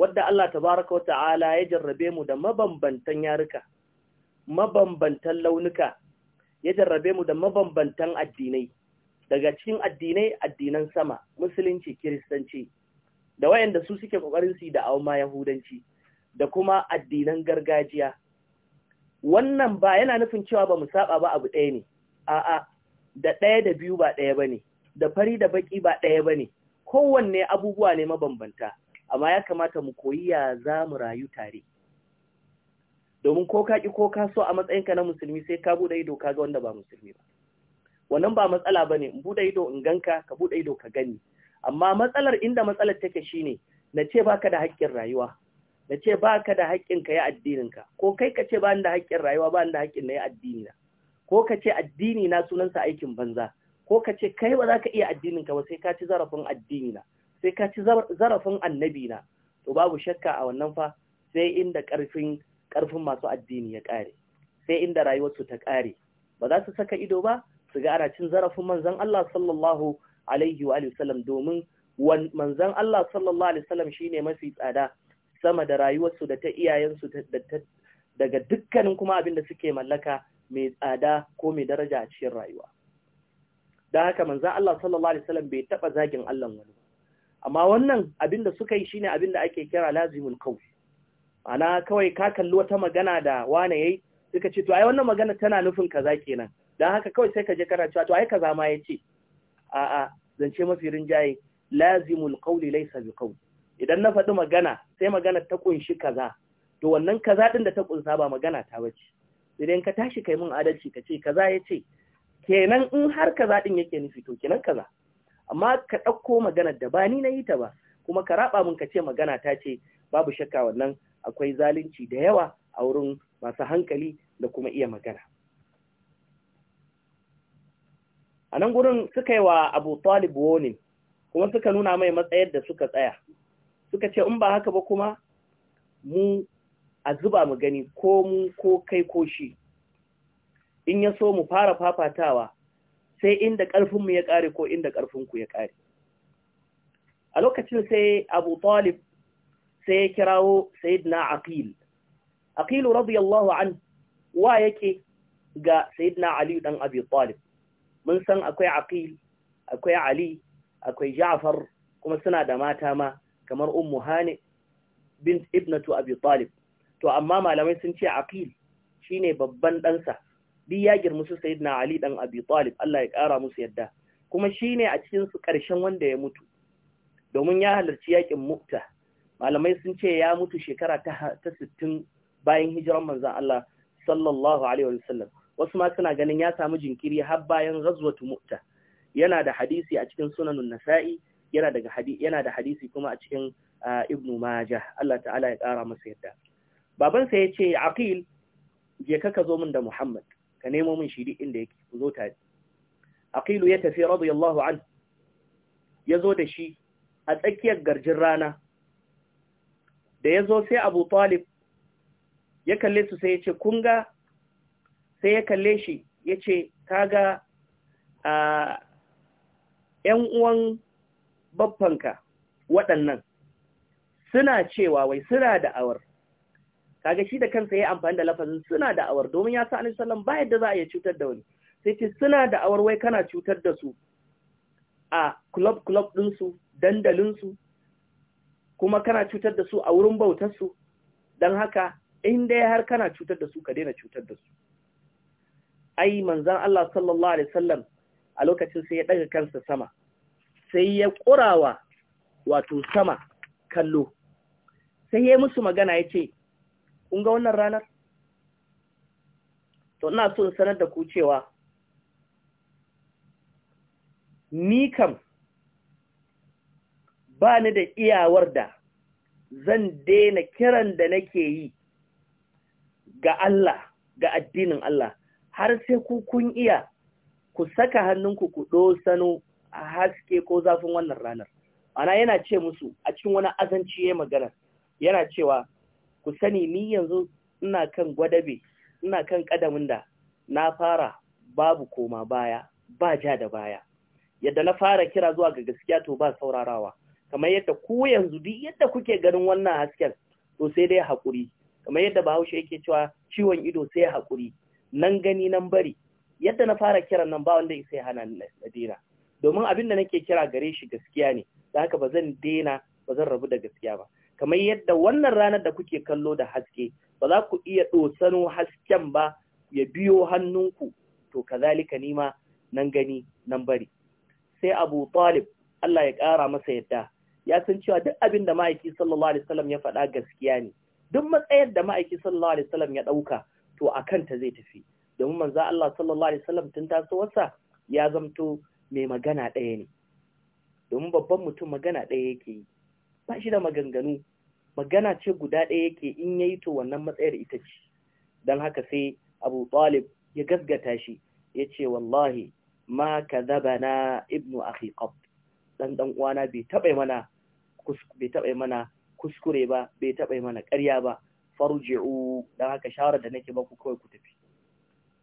wadda Allah tabaraka wa ta'ala ya jarrabe mu da mabambantan yaruka mabambantan launuka ya jarrabe mu da mabambantan addinai daga cikin addinai addinan sama musulunci kiristanci da wayanda su suke kokarin su da auma yahudanci da kuma addinan gargajiya wannan ba yana nufin cewa ba mu saba ba abu ɗaya ne a'a da ɗaya da biyu ba ɗaya bane da fari da baki ba ɗaya bane kowanne abubuwa ne mabambanta amma ya kamata mu koyi ya za mu rayu tare domin ko ka ƙi ko ka so a matsayinka na musulmi sai ka buɗe ido ka ga wanda ba musulmi ba wannan ba matsala bane in buɗe ido in ganka ka buɗe ido ka gani amma matsalar inda matsalar take shi ne, na ce ka da haƙƙin rayuwa na ce ka da haƙƙin ka yi addinin ko kai ka ce ba da haƙƙin rayuwa ba da haƙƙin na yi addini na ko ka ce addini na sunansa aikin banza ko ka ce kai ba za ka iya addinin ka ba sai ka ci zarafin addini na sai ka ci zarafin annabi na to babu shakka a wannan fa sai inda karfin karfin masu addini ya kare sai inda rayuwarsu ta kare ba za su saka ido ba su ga ana cin zarafin manzon Allah sallallahu alaihi wa sallam domin manzon Allah sallallahu alaihi wasallam shine mafi tsada sama da rayuwarsu da ta iyayensu daga dukkanin kuma abin da suke mallaka mai tsada ko mai daraja a cikin rayuwa. dan haka manzon Allah sallallahu Alaihi wasallam bai taɓa zagin Allah wani amma wannan abin da suka yi shine abin da ake kira lazimul qawl ana kawai ka kalli wata magana da wane yayi suka ce to ai wannan magana tana nufin kaza kenan dan haka kawai sai ka je kana cewa to ai kaza ma yace a a zance mafi rinjaye lazimul qawl laysa biqawl idan na faɗi magana sai magana ta kunshi kaza to wannan kaza din da ta kunsa ba magana ta bace idan ka tashi kai mun adalci ka ce kaza yace kenan in har kaza din yake nufi to kenan kaza amma ka ɗauko magana da ba ni na yi ta ba kuma ka raba mun ka ce magana ta ce babu shakka wannan akwai zalunci da yawa a wurin masu hankali da kuma iya magana a nan gurin suka yi wa abu talib warning kuma suka nuna mai matsayar da suka tsaya suka ce in ba haka ba kuma mu a zuba mu gani ko mu ko kai ko shi in ya so mu fara fafatawa sai inda ƙarfinmu ya ƙare ko inda ƙarfinku ya ƙare. A lokacin sai Abu Talib sai ya kirawo Sayyidina Aqil. Aqil radiyallahu an wa yake ga Sayyidina Ali dan Abi Talib. Mun san akwai Aqil, akwai Ali, akwai Ja'far kuma suna da mata ma kamar Ummu Hani bint Ibnatu Abi Talib. To amma malamai sun ce Aqil shine babban ɗansa duk ya girma su na Ali dan Abi Talib Allah ya kara musu yadda kuma shine a cikin su karshen wanda ya mutu domin ya halarci yakin Mukta. malamai sun ce ya mutu shekara ta sittin, bayan hijiran manzon Allah sallallahu alaihi wasallam wasu ma suna ganin ya samu jinkiri har bayan razwatu Mukta. yana da hadisi a cikin sunanun Nasa'i yana daga yana da hadisi kuma a cikin ah, Ibn Majah Allah ta'ala ya kara musu yadda babansa ya ce Aqil je ka ka zo min da Muhammad ka nemo min shi duk inda yake zo tare aqilu ya tafi radiyallahu an yazo da shi a tsakiyar garjin rana da yazo sai abu talib ya kalle su sai ya ce kunga sai ya kalle shi ya ce kaga a ‘yan uwan ka waɗannan suna cewa wai suna da awar kaga shi da kansa ya amfani da lafazin suna da awar domin ya sa annabi sallallahu ba yadda za a iya cutar da wani sai ce suna da wai kana cutar da su a kulob-kulob din su dandalin su kuma kana cutar da su a wurin bautar su dan haka in ya har kana cutar da su ka daina cutar da su ai manzon Allah sallallahu alaihi wasallam a lokacin sai ya daga kansa sama sai ya kurawa wato sama kallo sai ya musu magana ya ce kun ga wannan ranar to ina so in sanar da ku cewa ni kam ba ni da iyawar da zan daina kiran da nake yi ga Allah ga addinin Allah har sai ku kun iya ku saka hannunku ku dosano a haske ko zafin wannan ranar ana yana ce musu a cikin wani azanci ya magana yana cewa ku sani ni yanzu ina kan gwadabe ina kan kadamin da na fara babu koma baya ba ja da baya yadda na fara kira zuwa ga gaskiya to ba saurarawa kamar yadda ku yanzu duk yadda kuke ganin wannan hasken to sai dai hakuri kamar yadda bahaushe yake cewa ciwon ido sai hakuri nan gani nan bari yadda na fara kiran nan ba wanda ya sai hana na daina domin abin da nake kira gare shi gaskiya ne da haka ba zan daina ba zan rabu da gaskiya ba kamar yadda wannan ranar da kuke kallo da haske ba za ku iya ɗosano hasken ba ya biyo hannunku to kazalika nima nan gani nan bari sai abu talib Allah ya ƙara masa yadda ya san cewa duk abin da ma'aiki sallallahu alaihi wasallam ya faɗa gaskiya ne duk matsayar da ma'aiki sallallahu alaihi wasallam ya ɗauka to a kanta zai tafi domin manzo Allah sallallahu alaihi wasallam tun tasowarsa ya zamto mai magana ɗaya ne domin babban mutum magana ɗaya yake yi ba shi da maganganu magana ce guda ɗaya yake in yayi to wannan matsayar ita ce don haka sai abu talib ya gasgata shi ya ce wallahi ma ka zaba na ibnu akhi qab dan dan uwana bai taɓa mana bai taɓa mana kuskure ba bai taɓa mana ƙarya ba farji'u don haka shawarar da nake baku kawai ku tafi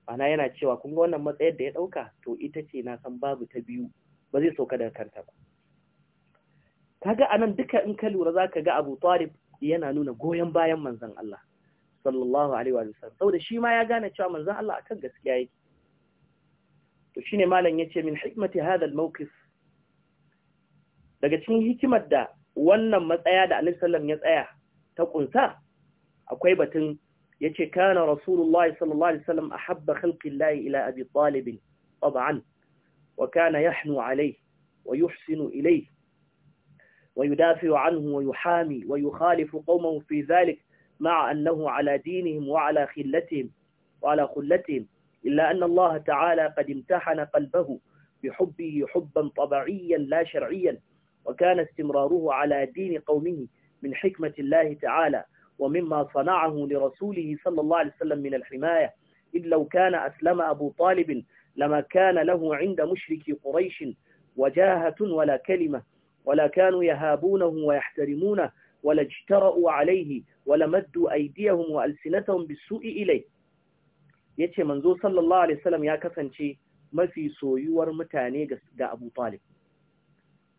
ana yana cewa kun ga wannan matsayar da ya ɗauka to ita ce na san babu ta biyu ba zai sauka daga kanta ba kaga anan duka in ka lura zaka ga Abu Talib yana nuna goyen bayan manzon Allah sallallahu alaihi wa sallam saboda shi ma ya gane cewa manzon Allah akan gaskiya yake to shine malam yace min hikmati hadha al-mawqif daga cikin hikimar da wannan matsaya da Annabi sallallahu ya tsaya ta kunsa akwai batun yace kana rasulullahi sallallahu alaihi wasallam ahabba khalqillahi ila abi talib طبعا وكان يحنو ويدافع عنه ويحامي ويخالف قومه في ذلك مع أنه على دينهم وعلى خلتهم وعلى خلتهم إلا أن الله تعالى قد امتحن قلبه بحبه حبا طبعيا لا شرعيا وكان استمراره على دين قومه من حكمة الله تعالى ومما صنعه لرسوله صلى الله عليه وسلم من الحماية إذ لو كان أسلم أبو طالب لما كان له عند مشرك قريش وجاهة ولا كلمة ولا كانوا يهابونه ويحترمونه ولا اجترأوا عليه ولا مدوا أيديهم وألسنتهم بالسوء إليه yace manzo sallallahu alaihi wasallam ya kasance mafi soyuwar mutane ga Abu Talib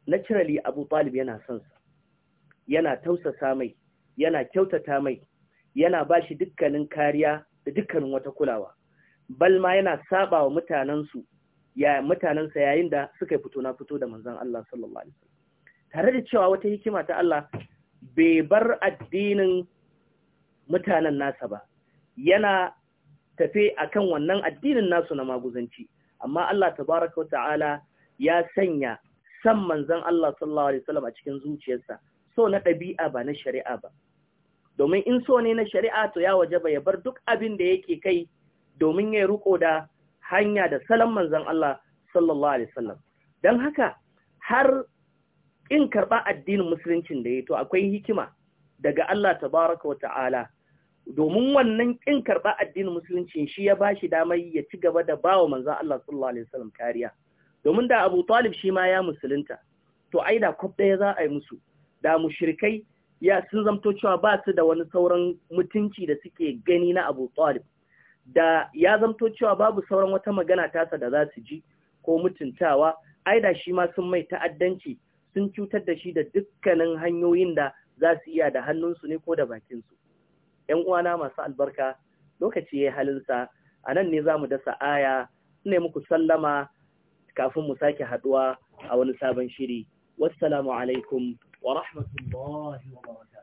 naturally Abu Talib yana sonsa, yana tausasa mai yana kyautata mai yana bashi dukkanin kariya da dukkanin wata kulawa balma yana sabawa mutanansu ya mutanansa yayin da suka fito na fito da manzon Allah sallallahu alaihi tare da cewa wata hikima ta Allah bai bar addinin mutanen nasa ba yana tafe akan wannan addinin nasu na maguzanci amma Allah tabaraka ta'ala ya sanya san manzon Allah sallallahu alaihi wasallam a cikin zuciyarsa so na ɗabi'a ba na shari'a ba domin in so ne na shari'a to ya waje ba ya bar duk abin da yake kai domin ya ruko da hanya da salon manzon Allah sallallahu alaihi wasallam dan haka har in karɓa addinin musuluncin da ya to akwai hikima daga Allah tabaraka wata'ala domin wannan in karɓa addinin musuluncin shi ya ba shi damar ya ci gaba da ba wa manzan Allah sallallahu alaihi wasallam kariya domin da Abu Talib shi ma ya musulunta to ai da kwaf ɗaya za a yi musu da mushrikai ya sun zamto cewa ba su da wani sauran mutunci da suke gani na Abu Talib da ya zamto cewa babu sauran wata magana tasa da za su ji ko mutuntawa ai da shi ma sun mai ta'addanci sun cutar da shi da dukkanin hanyoyin da za su iya da hannunsu ne ko da bakinsu. ‘Yan uwana masu albarka, lokaci ya yi halinsa, a nan ne za mu dasa aya, ne muku sallama kafin mu sake haɗuwa a wani sabon shiri. Wassalamu alaikum wa rahmatullahi wa barakatuh.